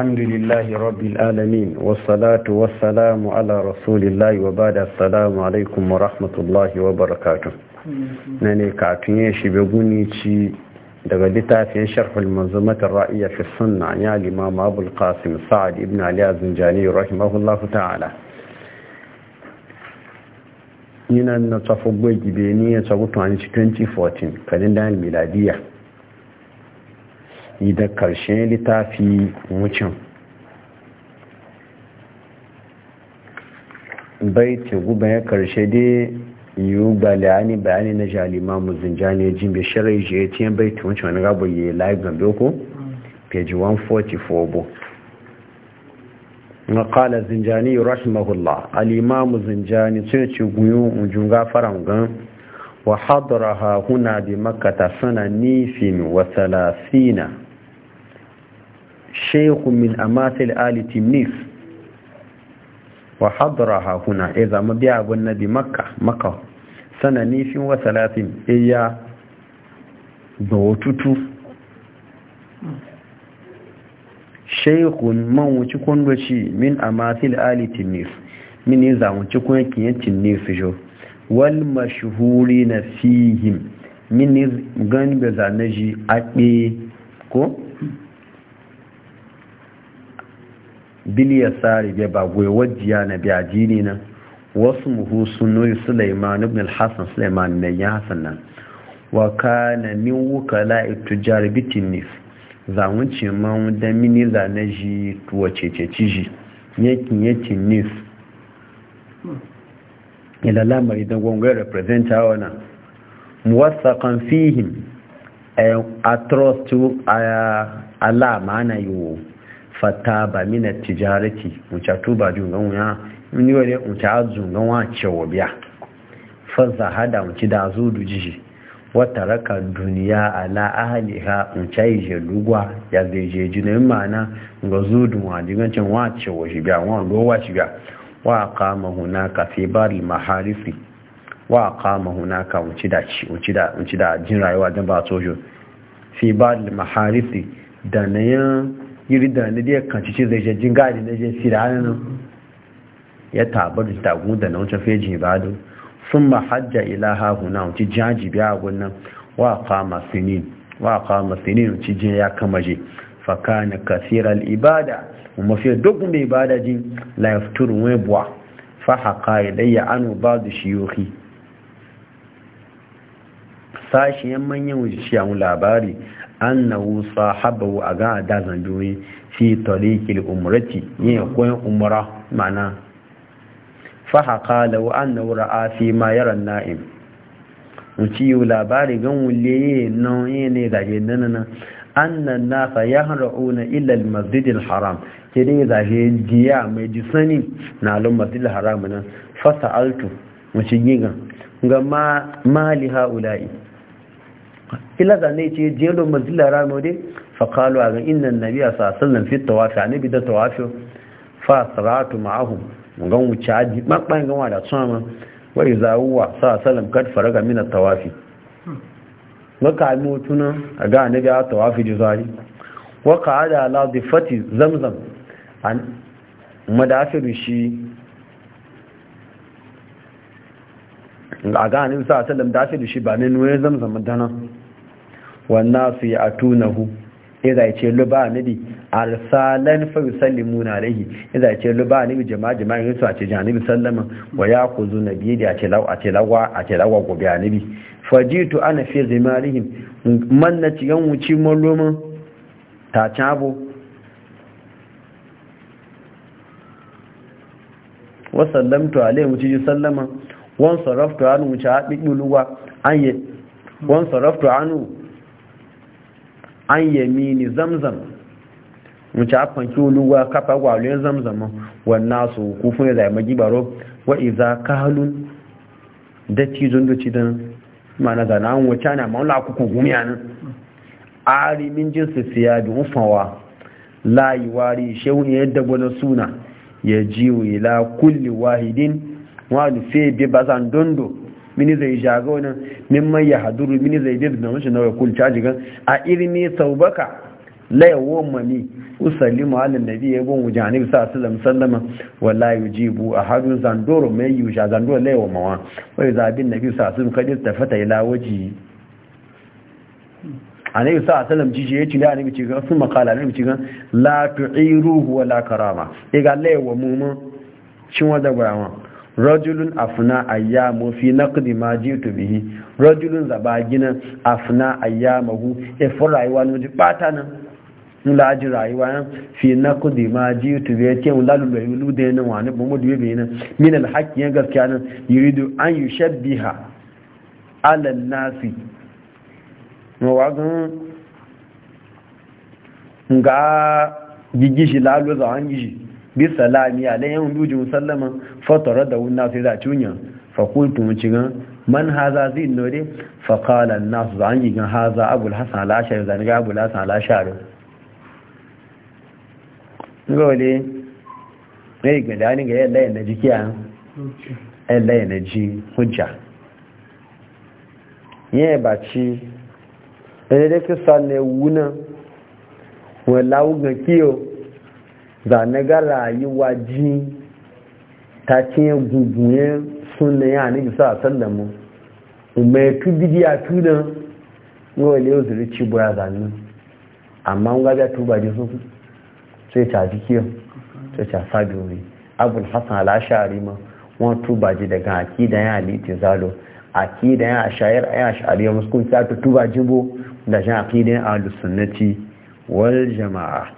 الحمد لله رب العالمين والصلاة والسلام على رسول الله وبعد السلام wa ورحمة الله وبركاته نني كاتني شبغوني شي daga littafin sharhul manzumatar ra'iya fi sunna ya limam abu Kasim, sa'ad ibn ali az-zinjani rahimahullahu ta'ala ina na tafi gbegbe ni ya tsagutu a cikin 2014 kalin da miladiya yi da karshen littafi wucin bai ce guba ya karshe dai yiwu balayani bayani na jalima ne ya jimbe shirai je ya tiyan bai ta wucin wani rabu ya yi live gambe ko page 144 bu na kala zinjani rahimahullah alimamu zinjani sai ce guyu ujun gafaran gan wa ha huna bi makata sanani fin wa salasina shaykhun min amasil ali timnif wa hadraha huna idza eh, mabiya abun nabi makka makka sana nifin wa salatin iya eh, da watutu shaykhun man wuci kundoci min amasil ali timnif min yin zamunci kuma kiyan timnif jo wal mashhuri na fihim min gani da zanaji a ko biliya tsari bai ba goyi wajiya na biya jini nan wasu muhu sunuri suleiman ibn hassan suleiman ne ya hassan nan wa ka kana min wukala bitin bitinif zamunci man da mini zane ji tuwa cececi shi yakin yakin nif ila lamari don gwangwai representa wana muwasakan fihim a trust to alama ana yiwu fata ba mina tijarati wuce tuba jungan wuya ni wani wuce azungan wa cewa biya fasa hada wuce da zo dujiji wata raka duniya ala ahali ha wuce yi je lugwa ya zai je jina ma'ana ga zo dunwa jigancin wa cewa shi biya wa lowa shi biya wa kama ka fi baril maharifi wa kama ka wuce da jin rayuwa don ba sojo fi bari maharifi da na yin yiri da na dai kan cici zai jajjin gadi na jin sira hannun ya tabar da tagun da na wucin fejin ibadu sun mahajja ilaha huna wuci jaji biya gunan wa a sinin wa kama sinin wuci jin ya kama je faka na kasirar ibada mafi duk mai ibada jin laifutur haka ya ilayya anu ba da shiyoki sashiyan manyan wuce shi labari annahu sahabahu a ga da zanjoyi fi tariqil umrati ne koyon umra mana fa haqa law annahu ra'a fi ma yara na'im uci labari gan wulle non ne da je nanana annan nasa ya hara'una ilal masjidil haram ke ne za shi jiya mai jisani na alun masjidil haram nan fasa altu mace gigan ga ma ha'ula'i kila zane ce jelo mazila rano dai faƙalu a ga innan nabi a sassanin fito tawafi a bi da tawafi fa saratu ma'ahu gan wuce aji ɓanɓan gama da ma wai zawuwa sassanin kad ga mina tawafi maka mutuna a ga nabi a tawafi da zari waka ada ala fati zamzam a madafiru shi a ga nabi sassanin dafiru shi ba ne nuwe zamzam dana wannan su yi a tunahu iza ce luba nabi arsalan fa yusallimuna alaihi iza ce luba nabi jama'a jama'a yusu a ce janibi sallama wa yaquzu nabi da ce law a ce lawa a ce lawa gobe nabi fajitu ana fi zimarihim man na ci yan wuci malloma ta cabo wa sallamtu alaihi wuci ji sallama wan saraftu anu wuce a bibuluwa an yi wan saraftu anu an ni zamzam wuce afan kiwuluwa kafa gwaliyar zamzama wannan su kufin ya zai magibaro wa iza kahalun da cizon da cidan mana zana an wuce na maula kuku gumiya nan arimin su siya bi ufawa layi wari shehun yadda gwada suna ya jiwo ila kulli wahidin wani fe bi bazan dondo mini zai jaga wani mimman ya haduru mini zai dai da mashi nawa kul caji gan a irmi saubaka layawo mani usallimu ala biyu ya gun wujan nabi sa sallam sallama jibu A hadu zandoro mai yusha zandoro layawo mawa wai na nabi sa sun kadi tafata ila waji yi sa sallam ji ya ci a na ci gan sun makala na ci gan la tu'iruhu wala karama e ga layawo mu cin wadda bayawa rajulun afna ayyamu fi naqdi ma jitu bihi rajulun zabagina afna ayyamu e fo rayuwa no di nla ji rayuwa na fi naqdi ma jitu bihi ke un lalu be lu de na wani bu mudu be na min al haqqi yan gaskiya yuridu an yushabbiha ala nasi no wagan nga gigishi lalu za an bi salami alayhi duju sallama fatara da wunna sai da tunya fa qultu cigan man haza zai nore fa qala an-nas zan yi gan haza abul hasan al-ashari abu ga abul hasan al gole eh, ne ga dani ga yadda yana jikiya yalla yana ji hujja ye ba ci ɗaya da kisan ne wuna wala wuga kiyo Zane na ga rayuwa ji ta ce gugunye suna ya ne bisa a sallan mu mai tu a tu da yau ne yau ci ci boya zanni amma ga ga tuba ji su sai ta ji kiyo sai ta sabi wuri abul hasan al-ashari ma wọn tuba ji daga akida ya aliti zalo akida ya ashayar ya ashari ya muskun ta tuba bo da shi akidan ahlus sunnati wal jama'a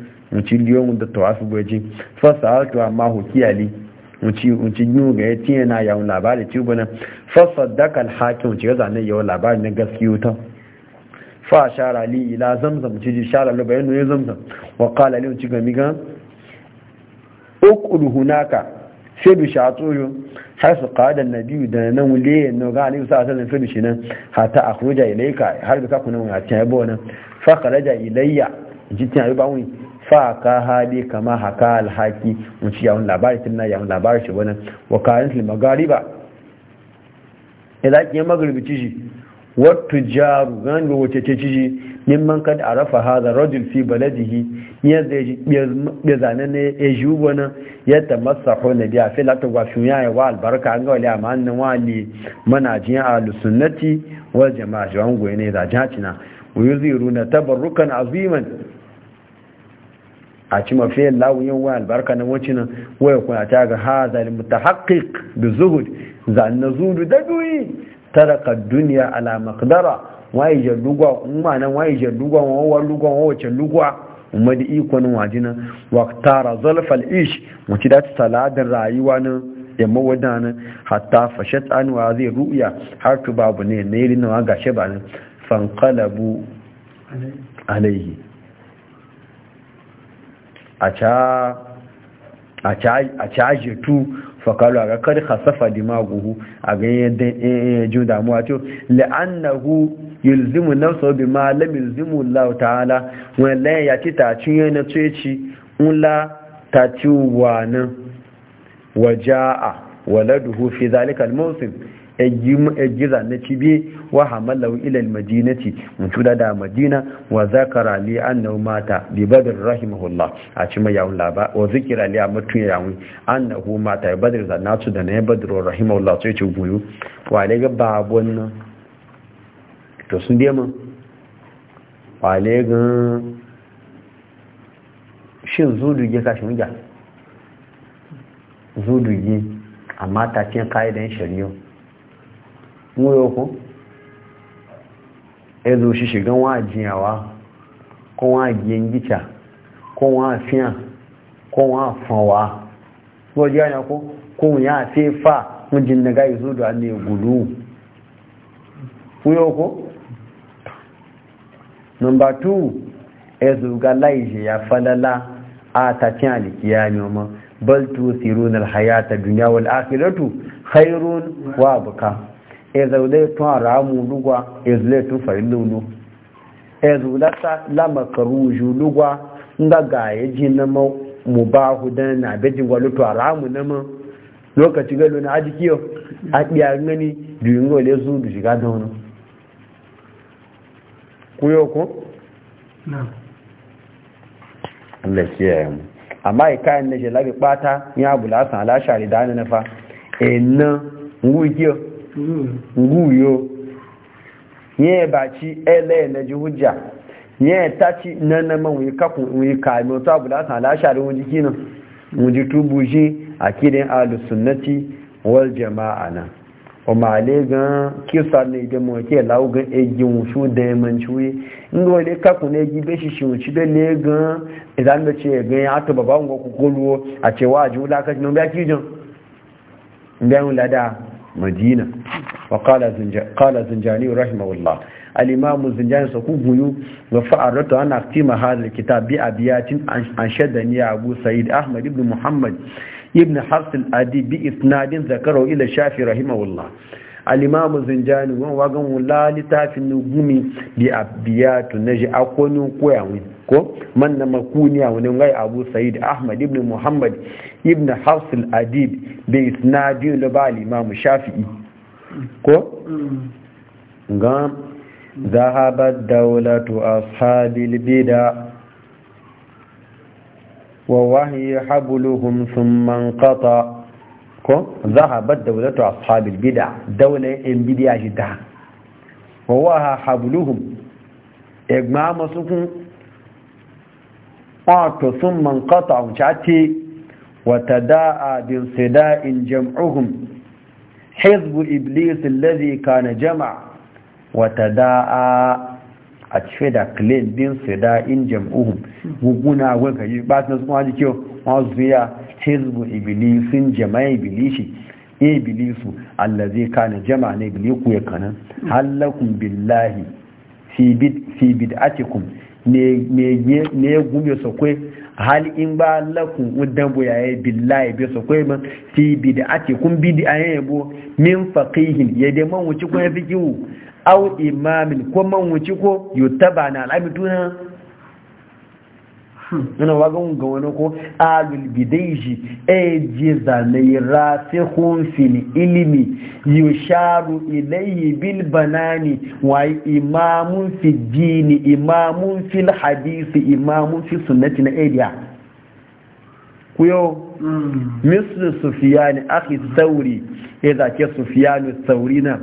nci liyon da tawafi gwaji fasa altu amma Mu nci yi ga ya tiye na yawon labari ci bana fasa dakal hakim ci ya zane yawon labari na gaskiyo ta fa shara li ila zamzam ci ji shara lo bayan nuna zamzam wa kala li ci gami gan ukulu hunaka sai bi sha har su kada biyu da nan wule na ga ali sa sallan sai shi nan hata akhruja ilayka har da ka kuna mun ya tayi nan fa kharaja ilayya ji tayi wani fa ka hadi kama haka alhaki mun ci yawon labari tun na yawon labari shi wani wakarin su magariba ya ki yi magaribi ciji wata jaru gani ga wace ce ciji neman kan a rafa haza rajul fi baladihi ya zai ya zane ne ya ji wani ya ta masa na biya fi lati gwafi ya yi wa albarka an ga wali amma wa wali manajin alusunnati wal jama'a shi wani goyi ne da jacina wa تبركا عظيما a ci mafi lawun yin waya albarka na wacin waya kuna ta ga ha zalim mutahaqqiq da zuhud zan zuhudu zudu da duyi taraka duniya ala maqdara waye je lugwa umma waye je lugwa wa lugwa wace lugwa umar da ikon wajina wa tara zalfal ish muci da saladin rayuwa nan da mawadana hatta fashat an zai ru'ya har tu babu ne na yi rinawa gashe ba nan fankalabu alaihi a caje tu fakalu a kakar hasafa dimaguhu a ganyen jin damuwa to la'annahu yulzimu nafsa bi ma lam yulzimu Allah ta'ala wani layan ya ci ta cinye na tsoci ula ta ci wa nan waja'a waladuhu fi zalikal musim egiza na cibe wa hamalau ilal madinati mutuda da madina wa zakara li annahu mata bi badr rahimahullah a cima yawun laba wa zikira li amatu yawun annahu mata bi badr zanatu da na badr rahimahullah sai ce buyu wa le ga babon nan to sun dai mun wa le ga shin zudu ya ka shin ga zudu yi amma ta cikin ka'idan shari'a wúyọ kún ẹzọ òṣìṣẹ́ gan wọ́n àjíyàwá kọ́ wọ́n àjíyàngíta kọ́ wọ́n àfihàn kọ́ wọ́n àfànwá wọ́n jẹ́ àyàkó kó wọ́n yá àti fà wọ́n jẹ́ nàgá ìzódò àmì ìgbòlú wúyọ kún ga ya falala a tàtí àlìkíyà bal alhayata wal akhiratu khairun wa ezaune tun aramu lugwa ezule tun farin lulu ezule ta lamakaru ju lugwa nga ga na mu ba hudan na bejin gwalu to aramu na lokaci galo na aji kiyo a biya ngani duyin gole zu du shiga da wani kuyo ko? na Allah kiyaye mu amma ikayen na shi labi bata ya bula ala alashari da na fa e na guyo yin baci ele na ji hujja yin taci na na mawai kakun wai kami wata abu da ta lashe da wani kinan wani tubu shi a kirin alusunnati wal jama'a na o ma le gan kisa ne de mo ke lawo gan eji un su de man chuye ngo le ka kun eji be shishi un chi be le gan idan be che gan ato baba ngo ku koluo a che wa ju la ka no be ki jon be un la da madina wa kala zinjani rahimahullah alimamu zinjani su ku guyu ga fa'arratu ana tima hadal kitab bi tun an shaddani ya abu sa'id ahmad ibn muhammad ibn hafs adi bi isnadin zakaro ila shafi rahimahullah alimamu zinjani wa wagan wula littafin gumi bi abiyatu naji akwai koyawin ko man na makuniya wani ngai abu sa'id ahmad ibn muhammad ibn hafs adib da isnadi da ba al-imam shafi'i ko ga zahabat dawlatu ashabil bid'a wa wahyi habluhum thumma qata ko zahabat dawlatu ashabil bid'a dawla in shi ta wa waha habluhum masu masukun wato sun mankata a wuce wata da'a bin sida'in jam'uhum hezbo iblis lalazi ka na jama'a. wata da'a a cife da claim bin sida'in jam'uhum guguna wanka yi ba su kuma ji kyau masu zuya hezbo iblisin jama'a iblishi iblisu allazi ka na jama'a na ibliku ya kanan hallakun billahi fi bid'atikum ne ya gube su in ba lakun udan bu yaye billahi be su kwe ma fi bid'ati kun bid'a yanyan bo min faqihin ya de man wuci ko fikihu aw imamin ko man wuci ko yutaba na ina wagon ga wani ko alul bidaiji eji zanai rasikun fil ilimi yusharu ilayhi bil banani wa imamun fi dini imamun fil hadisi imamun fi sunnati na ediya yau misli sufiyani aki sauri ya zake sufiyani sauri na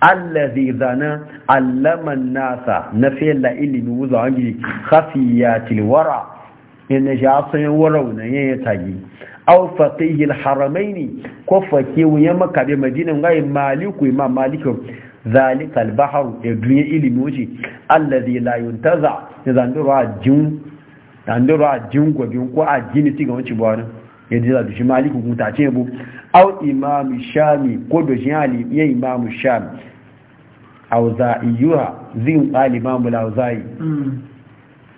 allazi zana allaman nasa na fiye la ilimi hafi khafiyatil wara in ja san warau na yin ya tagi aw faqih alharamain ko faqih wa makka be madina ngai maliku imam maliku zalika al bahr ya dunya ilimi wuce alladhi la yuntaza idan dura jun dan dura jun ko bin ko ajini ti ga wuci bawo ya dira du shi maliku kun ta ce bu aw imam shami ko do jali ya imam shami aw za iyuha zin al imam al auzai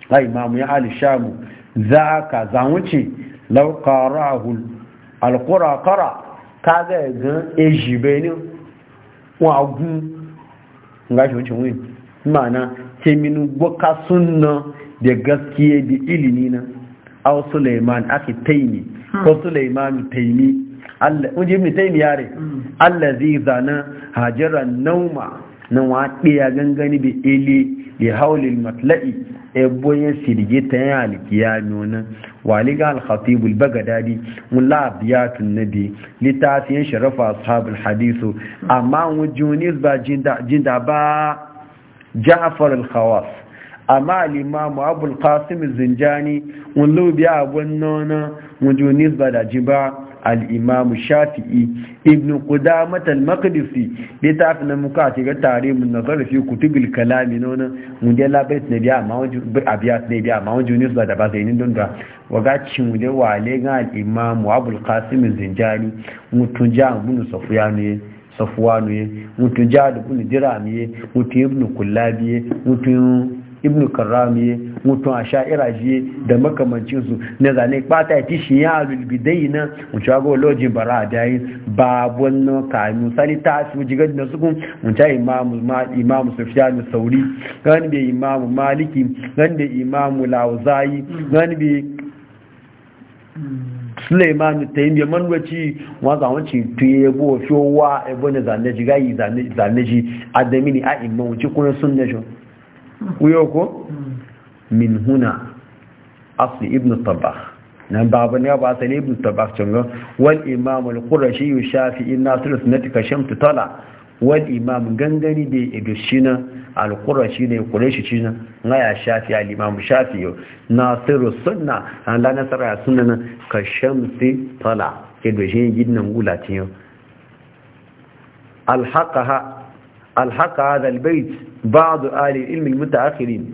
ai imam ya al shamu za ka za wuce laukarahul alkurakara ka ga gan eji benin wagun ga shi wuce wuyi mana teminu gwaka sunna da gaskiye da ilimi na au suleiman ake taimi ko suleiman taimi wuje mai taimi yare zai zana hajjara nauma na wa ɗaya gangani da ili da haulil matla'i eboyin sirge ta yin alkiya nuna waliga al-khatibul bagadadi mula biyatun nabi littafin sharafa ashabul hadisu amma wujunis ba jinda ba ja'far al-khawas amma al-imam abul qasim az-zinjani wullu biya abun nona wujunis ba da jiba al'imamu shafi'i ibn qudamata al-maqdisi littafin na muka ce ga tare mun na zarafi kutubil kalami nona mun je labait ne biya amma wajen abiyat ne biya amma wajen ne da ba sai ni don da waga cin wajen wale ga al-imamu abul qasim zinjani mutun ja mun safiyanu ne safwanu ne mutun ja da kun dirami ne mutun ibn kullabi ne mutun ibn karrami ne mutum a sha'ira jiye da makamancinsu na zane ɓata ti shi ya lulbidai na wuce ga lojin bara a dayin babon na kanu sani ta su jigar na sukun wuce imamu sufiyanu sauri gani bai imamu maliki gani bai imamu lauzayi gani bai suleiman taimiyya manwaci wanda wancin tuye bo fiyowa ebe na zaneji gayi zaneji adamini a imamu cikin sun nashon wuyo ko? Hmm. من هنا أصل ابن الطباخ نعم بعض النواب أصل ابن الطباخ والإمام القرشي الشافعي الناصر سنتك شمت طلع والإمام قنقني دي إدوشينا القرشينا القرشينا غاية الشافعي الإمام الشافعي ناصر السنة أنا لا نسرع السنة كشمت طلع إدوشينا جدنا مولاتي الحقها الحق هذا البيت بعض آل العلم المتأخرين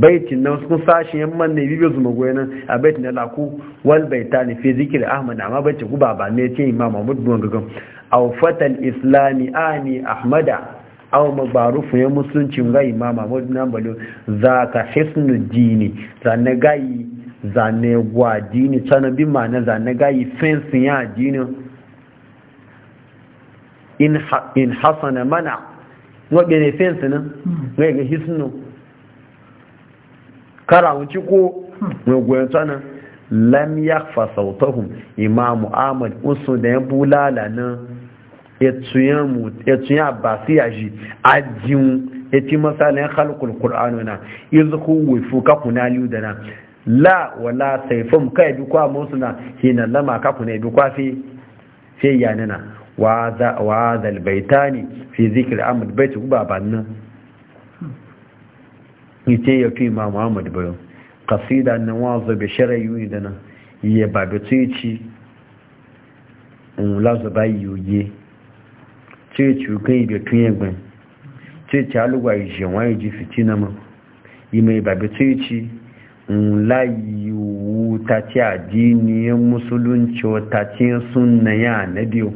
baitin nan sun sashi yamman ne bibiyar zuma magoya nan a baitin na laku wal baita ne fi zikir ahmad amma baitin ku ba ne ce imam mahmud bin gagan aw fatal islami ani ahmada aw mabarufu ya musulunci ga imam mahmud nan balo ka hisnu dini zanne gayi zanne gwa dini tana bi ma na zanne gayi fensin ya dini in hasana mana wabe ne fensin nan ga hisnu kara wuci ko hmm. mai goyon nan lam ya fasautahun imamu ahmad usu da ya bulala na etuyan abasi ya ji ajiyun eti ya halukul kur'anu na izukun wifu kakuna liyu da na la wala saifin ka yabi kwa musu na hina lama kakuna yabi kwa fi yanina wa ne fi zikir amur baitu nan nite ya fi ma muhammad bayan kasida na wazo bai iwu yi dana nan yi ba bai tsaye ci lazo ba yi yoye tsaye ci ukan yi bai tun yagbin tsaye ci alugwa yi shi wani ji fiti na ma yi mai ba bai tsaye ci layi wuta ci addiniyar musulunci wata ci sunna ya na biyu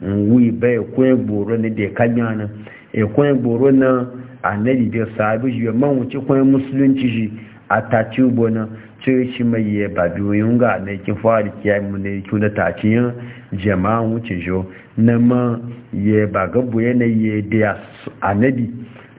wuyi bai na da ya kanya na ya kwanye na annabi bai sabi ji man wuce kwan musulunci ji a taci ubona shi mai yi ba biyoyin ga na ikin fara kiyayi mu na ikin da taciyin jama'a wuce jo na ma yi ba gabu yanayi da annabi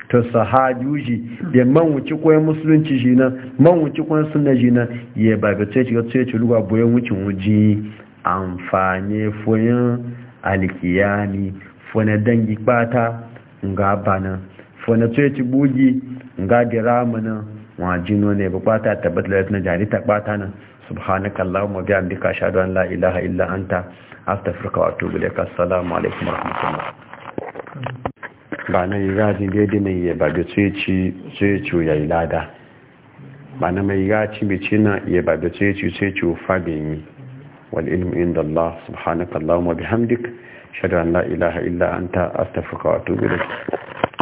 ta sahaju ji da man wuce kwan musulunci ji na man wuce kwan suna ji na yi ba ga circi ga circi ruwa boyan wucin wuji amfani foyin alkiyami fona dangi bata ga bana fana tsoye ci bugi ga dirama na wajino ne ba kwata tabbatar da na jari ta kwata nan subhanaka allahumma bi amdika ashhadu an la ilaha illa anta astaghfiruka wa atubu ilaik salamu alaikum wa rahmatullah ba na yi gajin da mai mai ba da tsoye ci tsoye ya yi lada ba na mai gaci bici na ya ba da tsoye ci tsoye ci fa bin yi wal ilmu inda allah subhanaka biya bihamdik ashhadu an la ilaha illa anta astaghfiruka wa da ilaik